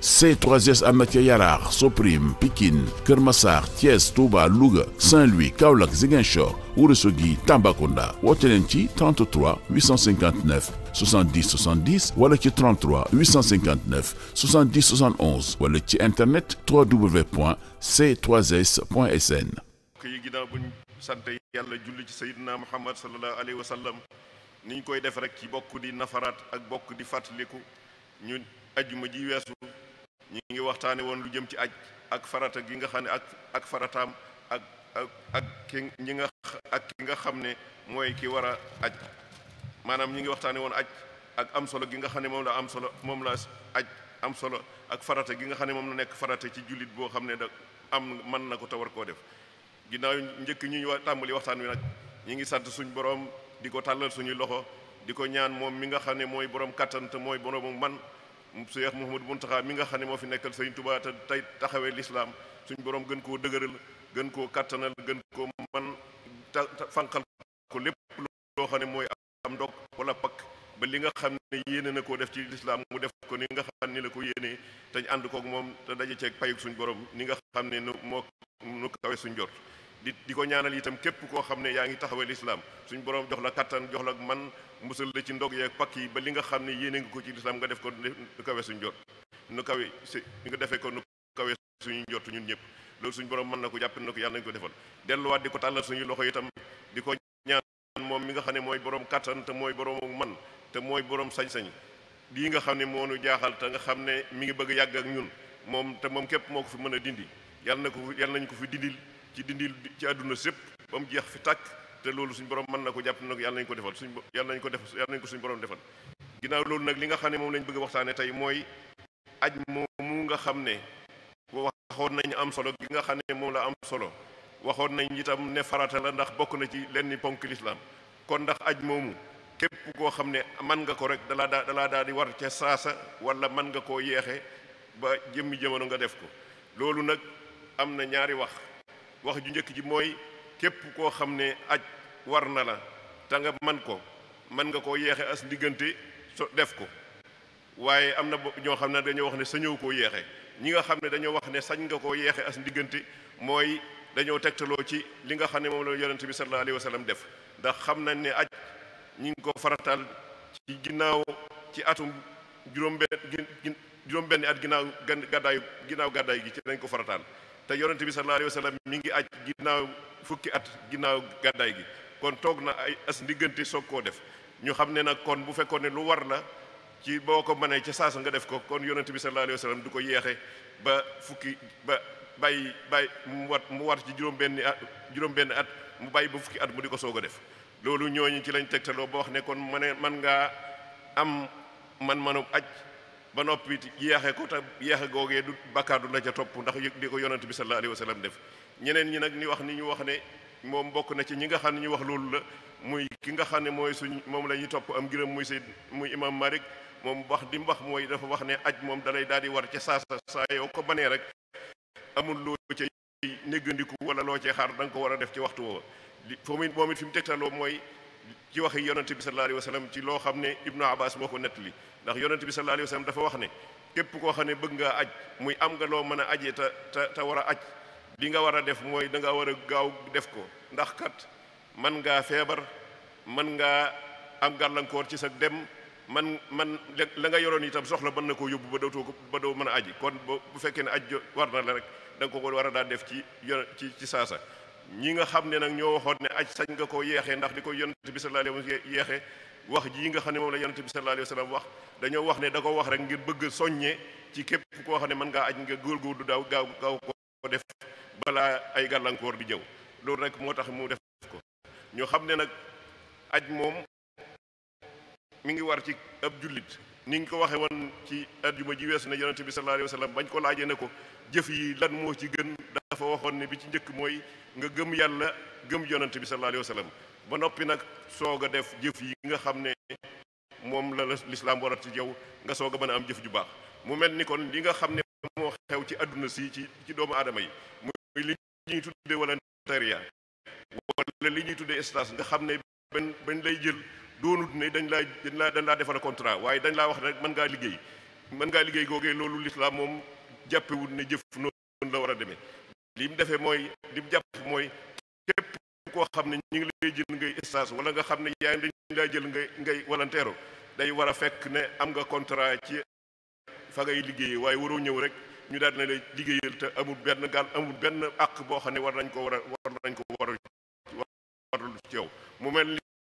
C3S am na ca Yaraax Soprim Pikine Kër Massar Thiès Touba Louga Saint-Louis Kaolack Ziguinchor Ourossogui Tambacounda woote leen ci 33 859 70 70 wala ci 33 859 70 71 wala ci internet www.c3s.sn. kii ginnaaw bu ñu sant yàlla julli ci Seydina Muhammad sallallahu alayhi wa sallam ni ñu koy def rek ci bokk di nafaraat ak bokk di fàttaliku ñu ajjuma ji weesu. ñi ngi waxtaane woon lu jëm ci aj ak farata gi nga xam ne ak ak farataam ak ak ak ñi nga ak ki nga xam ne mooy ki war a aj maanaam ñi ngi waxtaane woon aj ak am solo gi nga xam ne moom la am solo moom la aj am solo ak farata gi nga xam ne moom la nekk farata ci jullit boo xam ne da am mën na ko te war koo def ginnaaw njëkk ñuy tàmbali waxtaan wi nag ñi ngi sant suñ borom di ko tàllal suñuy loxo di ko ñaan moom mi nga xam ne mooy borom kattan te mooy borom man Cheikh Mouhamadou Mountakha mi nga xam ne moo fi nekkal Sëriñ Tuubaa te taxawee lislaam suñ borom gën koo dëgëral gën koo kattanal gën koo man ta fanqal ko lépp loo xam ne mooy am ndog wala pakk ba li nga xam ne yéene na koo def ci lislaam mu def ko ni nga xam ni la ko yéenee te ñu ànd koog moom te daje ceeg payug suñ borom ni nga xam ne nu moo nu kawe suñ jot di di ko ñaanal itam képp koo xam ne yaa ngi taxawee islam suñu borom jox la kattan jox la man musal la ci ndog yeeg pakk yi ba li nga xam ne yéene nga ko ci lislaam nga def ko nu kawe suñu jot nu kawe si nga defee ko nu kawe suñu jot ñun ñëpp loolu suñ borom mën na ko jàpp na ko yàlla nañ ko defal delluwaat di ko tàllal suñu loxo itam di ko ñaan moom mi nga xam ne mooy borom kattan te mooy borom man te mooy borom sañ-sañ lii nga xam ne moo nu jaaxal te nga xam ne mi ngi bëgg yàgg ak ñun moom te moom képp moo ko fi mën a dindi yàlla na ko yàlla nañ ko fi dindil ci dindi ci àdduna sépp ba mu jeex fi tàkk te loolu suñ borom mën na ko jàpp nag yàlla nañu ko defal suñ yàlla nañu ko def yàlla nañu ko suñ borom defal ginnaaw loolu nag li nga xam ne moom lañ bëgg tey mooy aj moomu nga xam ne waxoon nañ am solo gi nga xam ne moom la am solo waxoon nañ itam ne farata la ndax bokk na ci lenn ponk lislaam kon ndax aj moomu képp koo xam ne man nga ko rek dalaa daa dalaa daal di war ca saasa wala man nga koo yeexe ba jëmmi jamono nga def ko loolu nag am na ñaari wax wax ju njëkk ji mooy képp koo xam ne aj war na la te nga man ko mën nga koo yeexe as diggante so def ko waaye am na ñoo xam ne dañoo wax ne sañoo koo yeexe ñi nga xam ne dañoo wax ne sañ nga koo yeexe as diggante mooy dañoo tegtaloo ci li nga xam ne moom la yonent bi sallallahu alayhi wa sallam def ndax xam na ne aj ñi ngi ko faratal ci ginnaaw ci atum juróom benn juróom at ginnaaw gàddaayu ginnaaw gàddaay gi ci dañ ko faratal te yonent bi sallallahu alayhi mu ngi aj ginnaaw fukki at ginnaaw gàddaay gi kon toog na ay as ndiggante soog koo def ñu xam ne nag kon bu fekkoon ne lu war la ci boo ko mënee ca saasa nga def ko kon yonent bi sallallahu alayhi wa du ko yeexe ba fukki ba bàyyi bàyyi mu wat mu war ci juróom-benni at juróom-benni at mu bàyyi ba fukki at mu di ko soog a def loolu ñooñu ci lañ tegtaloo ba wax ne kon ma ne man ngaa am man-manu aj ba noppi yeexee yeexe ko te yeexe googee du bakkaar du la ca topp ndax di ko yonent bi sallallahu alayhi wa sallam def ñeneen ñi nag ni wax ni ñu wax ne moom bokk na ci ñi nga xam ne ñu wax loolu la muy ki nga xam ne mooy suñ moom la ñuy topp am ngërëm muy say muy imam Malik moom wax di mu wax mooy dafa wax ne aj moom dalay daal di war ca saa saa yow ko banee rek amul loo ca néggandiku wala loo cee xaar danga ko war a def ci waxtu woowa li foo moom it fi mu tegtaloo mooy ci waxi yonente bi sallallahu alayhi wa sallam ci loo xam ne ibnu abbas moo ko nettali ndax yonente bi sallallahu alayhi wa sallam dafa wax ne képp koo xam ne bëgg nga aj muy am nga loo mën a ajee ta te war a aj li nga war a def mooy da nga war a gaaw def ko ndax kat man ngaa feebar man ngaa am gàllankoor ci sa dem man man la nga yoroon itam soxla mën na koo yóbbu ba ba doo mën a aji kon bu fekkee ne aj war na rek da ko war a daal def ci ci ci saasa ñi nga xam ne nag ñoo waxoon ne aj sañ nga ko yeexee ndax di ko yonent bi sallallahu alayhi wasallam yeexe wax ji nga xam ne moom la yonent bi sallallahu alayhi wax dañoo wax ne da ko wax rek ngir bëgg soññee ci képp koo xam ne mën nga aj nga du daaw gaaw gaaw ko def balaa ay gàllankoor di jëw loolu rek moo tax mu def ko ñu xam ne nag aj moom mi ngi war ci ab jullit ni nga ko waxee woon ci àjjuma ji weesu na yonente bi sallallahu alayhi wa sallam bañ ko laajee ne ko jëf yi lan moo ci gën dafa waxoon ne bi ci njëkk mooy nga gëm yàlla gëm yonente bi sallallahu alayhi ba noppi nag soog a def jëf yi nga xam ne moom la la lislaam waral ci yow nga soog a mën a am jëf ju baax mu mel ni kon li nga xam ne moo xew ci àdduna si ci ci doomu aadama yi muy li ñuy tuddee wala wala li ñuy tuddee stage nga xam ne benn benn lay jël doonut ne dañ laa dañ laa dañ laa defal contrat waaye dañ laa wax rek mën ngaa liggéey mën ngaa liggéey googee loolu lislaam moom jàppewul ne jëf noonu la war a demee li mu defee mooy li jàpp mooy képp ko xam ne ñu ngi lay jël ngay stage wala nga xam ne yaa ngi dañ laa jël ngay ngay walanteero day war a fekk ne am nga contrat ci fa ngay liggéeyee waaye waroo ñëw rek ñu daal na lay liggéeyal te amul benn gaal amul benn àq boo xam ne war nañ ko war a war nañ ko war a warul ci yow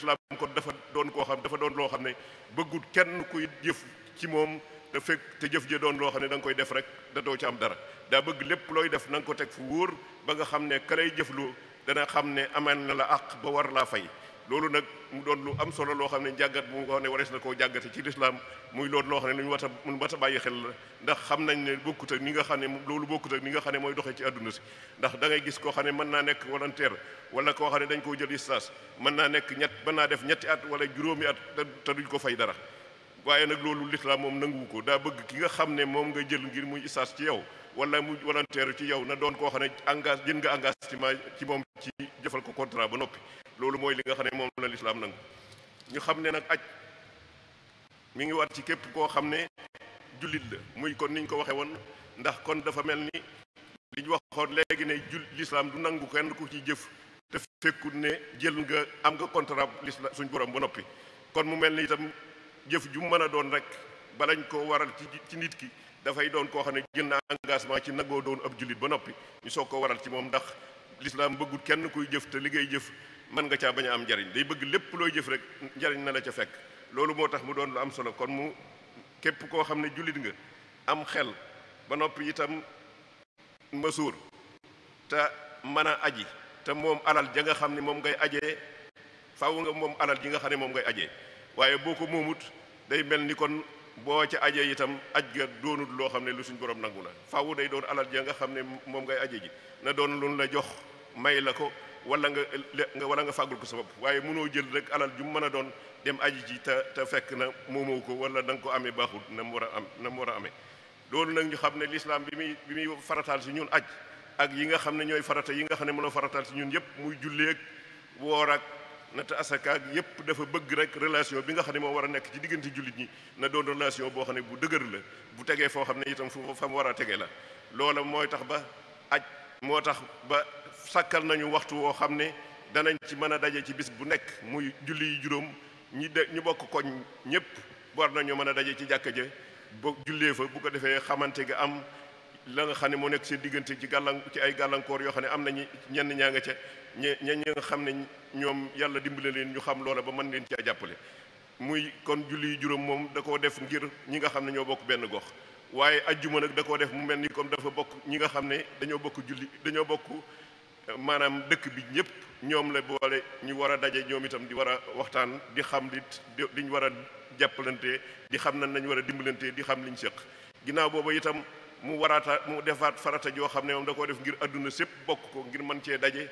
islam kon dafa doon koo xam dafa doon loo xam ne bëggut kenn kuy jëf ci moom te fekk te jëf ja doon loo xam ne danga koy def rek da doo ci am dara daa bëgg lépp looy def nanga ko teg fu wóor ba nga xam ne kalay lay jëflu dana xam ne amaan na la àq ba war laa fay loolu nag mu doon lu am solo loo xam ne jàngat bu nga ne warees na koo jàngate ci lislaam muy loolu loo xam ne lu ñu war a lu bàyyi xel la ndax xam nañ ne bokkut ak nga xam ne loolu bokkut ak nga xam ne mooy doxee ci àdduna si ndax da ngay gis koo xam ne mën naa nekk volontaire wala koo xam ne dañ koo jël stage naa nekk ñett ba naa def ñetti at wala juróomi at te duñ ko fay dara waaye nag loolu lislaam moom nanguwu ko daa bëgg ki nga xam ne moom nga jël ngir muy stage ci yow wala mu volontaire ci yow na doon koo xam ne engage jën nga engagement ci moom ci jëfal ko contrat ba noppi loolu mooy li nga xam ne moom la lislaam nangu ñu xam ne nag aj mu ngi war ci képp koo xam ne jullit la muy kon niñ ko waxe woon ndax kon dafa mel ni li ñu waxoon léegi ne jul lislaam du nangu kenn ku ci jëf te fekkut ne jël nga am nga contrat lislaam suñ borom ba noppi kon mu mel ni itam jëf ju mën a doon rek balañ ko waral ci ci nit ki dafay doon koo xam ne jël naa engagement ci nagoo doon ab jullit ba noppi ñu soo ko waral ci moom ndax lislaam bëggut kenn kuy jëf te li ngay mën nga caa bañ a am njariñ day bëgg lépp looy jëf rek njariñ na la ca fekk loolu moo tax mu doon lu am solo kon mu képp koo xam ne jullit nga am xel ba noppi itam suur te mën a aji te moom alal ja nga xam ne moom ngay ajee faw nga moom alal ji nga xam ne moom ngay ajee waaye boo ko moomut day mel ni kon boo ca ajee itam aj ga doonut loo xam ne lu suñ borom nangu la faw day doon alal ja nga xam ne moom ngay aje ji na doon lu la jox may la ko wala nga nga wala nga fàggul ko sa bopp waaye mënoo jël rek alal ju mën a doon dem aji ji te te fekk na moomoo ko wala da nga ko amee baaxul na mu war a am na mu war a amee loolu nag ñu xam ne lislaam bi muy bi muy farataal si ñun aj ak yi nga xam ne ñooy farata yi nga xam ne mënoo farataal si ñun yëpp muy julleeg woor ak nata asakaag yëpp dafa bëgg rek relation bi nga xam ne moo war a nekk ci diggante jullit ñi na doon relation boo xam ne bu dëgër la bu tegee foo xam ne itam fu fa mu war a tegee la mooy tax ba aj moo tax sàkkal nañu waxtu woo xam ne danañ ci mën a daje ci bis bu nekk muy julli yi juróom ñi de ñu bokk koñ ñëpp war nañoo mën a daje ci jàkka ja ba jullee fa bu ko defee xamante gi am la nga xam ne moo nekk seen diggante ci gàllan ci ay gàllankoor yoo xam ne am nañu ñenn ñaa nga ca ñe ñenn nga xam ne ñoom yàlla dimbale leen ñu xam loola ba mën leen ci jàppale muy kon julli yi juróom moom da koo def ngir ñi nga xam ne ñoo bokk benn gox waaye ajjuma nag da koo def mu mel ni comme dafa bokk ñi nga xam ne dañoo bokk julli dañoo bokk maanaam dëkk bi ñëpp ñoom la boole ñu war a daje ñoom itam di war a waxtaan di xam li li ñu war a jàppalante di xam na nañ war a dimbalante di xam liñ sëq ginnaaw boobu itam mu waraata mu defaat farata joo xam ne moom da koo def ngir àdduna sépp bokk ko ngir mën cee daje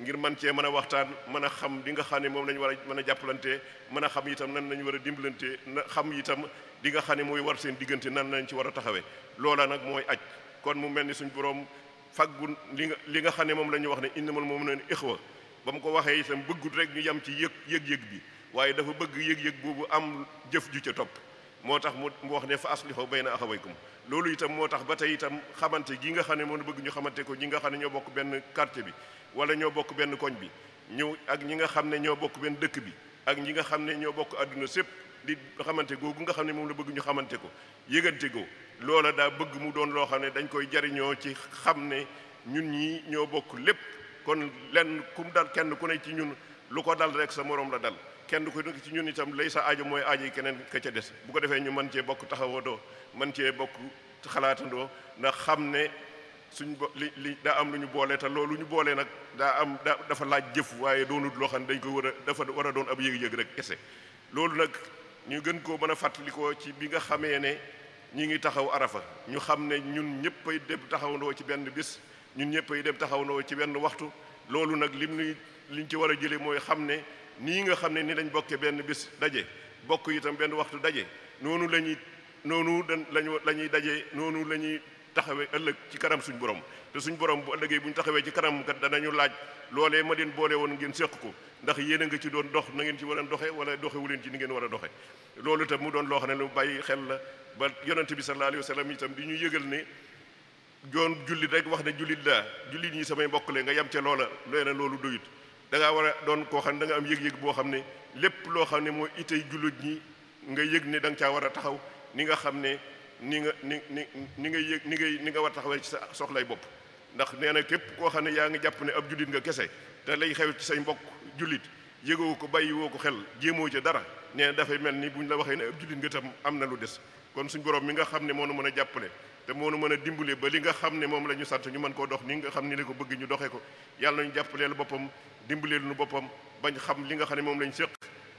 ngir mën cee mën a waxtaan mën a xam li nga xam ne moom lañ war a mën a jàppalantee mën a xam itam nan nañ war a dimbalante na xam itam li xam ne mooy war seen diggante nan nañ ci war a taxawee loola nag mooy aj kon mu mel ni suñ borom faggu li nga li nga xam ne moom la ñu wax ne innamal mu'minuna ixwa ba mu ko waxee itam bëggut rek ñu yem ci yëg yëg-yëg bi waaye dafa bëgg yëg-yëg boobu am jëf ju ca topp moo tax mu wax ne fa aslihu bayna axawaykum loolu itam moo tax ba tey itam xamante gi nga xam ne moom bëgg ñu xamante ko ñi nga xam ne ñoo bokk benn quartier bi wala ñoo bokk benn koñ bi ñëw ak ñi nga xam ne ñoo bokk benn dëkk bi ak ñi nga xam ne ñoo bokk àdduna sépp di xamante googu nga xam ne moom la bëgg ñu xamante ko yëgante ko loola daa bëgg mu doon loo xam ne dañ koy jariñoo ci xam ne ñun ñii ñoo bokk lépp kon lenn kum dal kenn ku ne ci ñun lu ko dal rek sa moroom la dal kenn ku nekk ci ñun itam lay sa aajo mooy aajo yi keneen ka ca des bu ko defee ñu mën cee bokk taxawadoo mën cee bokk xalaatandoo ndax xam ne suñ bo li li daa am lu ñu boole te loolu ñu boole nag daa am da dafa laaj jëf waaye doonut loo xam ne dañ ko war a dafa war a doon ab yëg-yëg rek kese loolu nag ñu gën koo mën a fàttalikoo ci bi nga xamee ne ñi ngi taxaw arafa ñu xam ne ñun ñëpp ay taxaw taxawandoo ci benn bis ñun ñëpp ay dem taxawandoo ci benn waxtu loolu nag lim nuy liñ ci war a jëlee mooy xam ne nii nga xam ne ni lañ bokkee benn bis daje bokk yitam benn waxtu daje noonu la ñuy noonu lañu la ñuy daje noonu la ñuy taxawee ëllëg ci kanam suñu borom te suñ borom bu ëllëgee bu ñu taxawee ci kanam kat danañu laaj loolee ma leen boole woon ngeen séq ko ndax yéen a nga ci doon dox na ngeen ci war a doxe wala doxewu leen ci ni ngeen a doxe loolu itam mu doon loo xam ne lu bàyyi xel la ba yonente bi sallallahu alayhi wa sallam tam di ñu yëgal ne joon jullit rek wax ne jullit laa jullit ñi samay mbokk la nga yem ca loola looy na loolu doyut da ngaa war a doon koo xam ne da am yëg boo xam ne lépp loo xam ne moo itay jullit ñi nga yëg ne da caa war a taxaw ni nga xam ne nii nga ni ni ni ngay yëg ni ngay ni nga war taxawee ci sa soxlay bopp ndax nee na képp koo xam ne yaa ngi jàpp ne ab jullit nga kese te lay xew ci say mbokk jullit yëgoo ko bàyyi woo ko xel jéemoo ca dara nee na dafay mel ni bu ñu la waxee ne ab jullit nga tam am na lu des kon suñ borom mi nga xam ne moo nu mën a jàppale te moo nu mën a dimbale ba li nga xam ne moom la ñu sant ñu mën koo dox nii nga xam ne la ko bëgg ñu doxee ko yàlla nañu jàppaleel boppam dimbaleel nu boppam bañ xam li nga xam ne moom lañ séq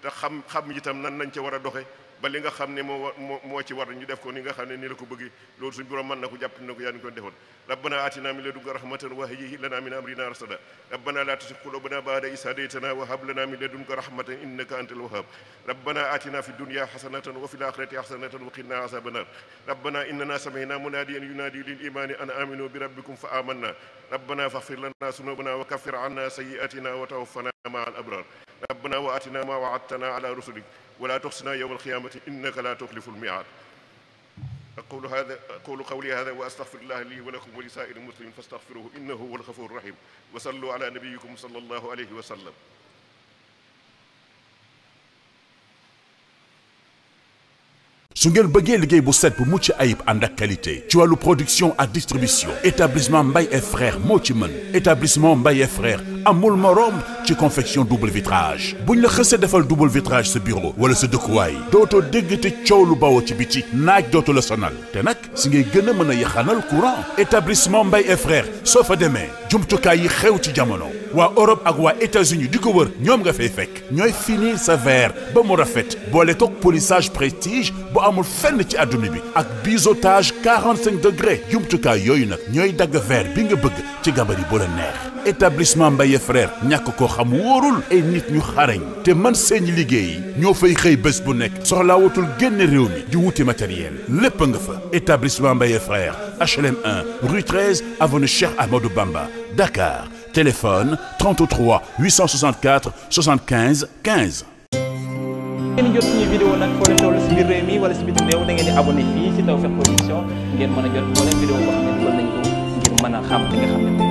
te xam xam itam nan lañ ca war a doxe ba li nga xam ne moo moo ci war ñu def ko ni nga xam ne ni la ko bëggee loolu suñu borom mën na ko jàpp na ko yaa ni ko defoon rabbana atina min ladunka rahmatan wa hayyi lana min amrina rasada rabbana la tuzigh qulubana ba'da idh hadaytana wa hab lana min ladunka rahmatan innaka antal wahhab rabbana atina fid dunya hasanatan wa fil akhirati hasanatan wa qina azaban nar rabbana innana sami'na munadiyan yunadi lil imani an aminu bi rabbikum fa amanna rabbana faghfir lana dhunubana wa kaffir anna sayyi'atina wa tawaffana ma'al abrar rabbana wa atina ma wa'adtana ala rusulik ولا تخصنا يوم القيامة إنك لا تخلف الميعاد أقول هذا أقول قولي هذا وأستغفر الله لي ولكم ولسائر المسلمين فاستغفروه إنه هو الغفور الرحيم وصلوا على نبيكم صلى الله عليه وسلم su ngeen bëggee liggéey bu set bu mucc ayib ànd ak qualité ci wàllu production ak distribution établissement Mbaye et frères moo ci mën établissement Mbaye et frères amul morom ci confection double vitrage buñ la xësee defal double vitrage sa bureau wala sa dëkkuwaay dootoo dégg te coow lu bawoo ci biti naaj dootu la sonal te nag si ngay gën a mën a yaxanal courant établissement Mbaye et frères soo fa demee jumtukaay yi xew ci jamono. waa Europe ak waa états di ko wër ñoom nga fay fekk ñooy finir sa verre ba mu rafet boole kook polissage prestige bu amul fenn ci adduna bi ak biseautage 45 degré jumtukaay yooyu nag ñooy dagg verre bi nga bëgg ci gabari bu la neex. établissement Mbaye frère ñàkk koo xam wóorul ay nit ñu xarañ te man seeni liggéey ñoo fay xëy bés bu nekk soxlaa wutul génn réew mi di wuti matériel lépp nga fa établissement Mbaye frère HLM 1 rue 13 avenue Cheikh Amadou Bamba Dakar téléphone 33 864 75 15. ngeen jot suñu vidéo nag foo leen toll si biir réew mi wala si bitim réew da ngeen di abonné fii si Tawfekh Production ngeen mën a jot moo vidéo boo xam ne dugal nañ ko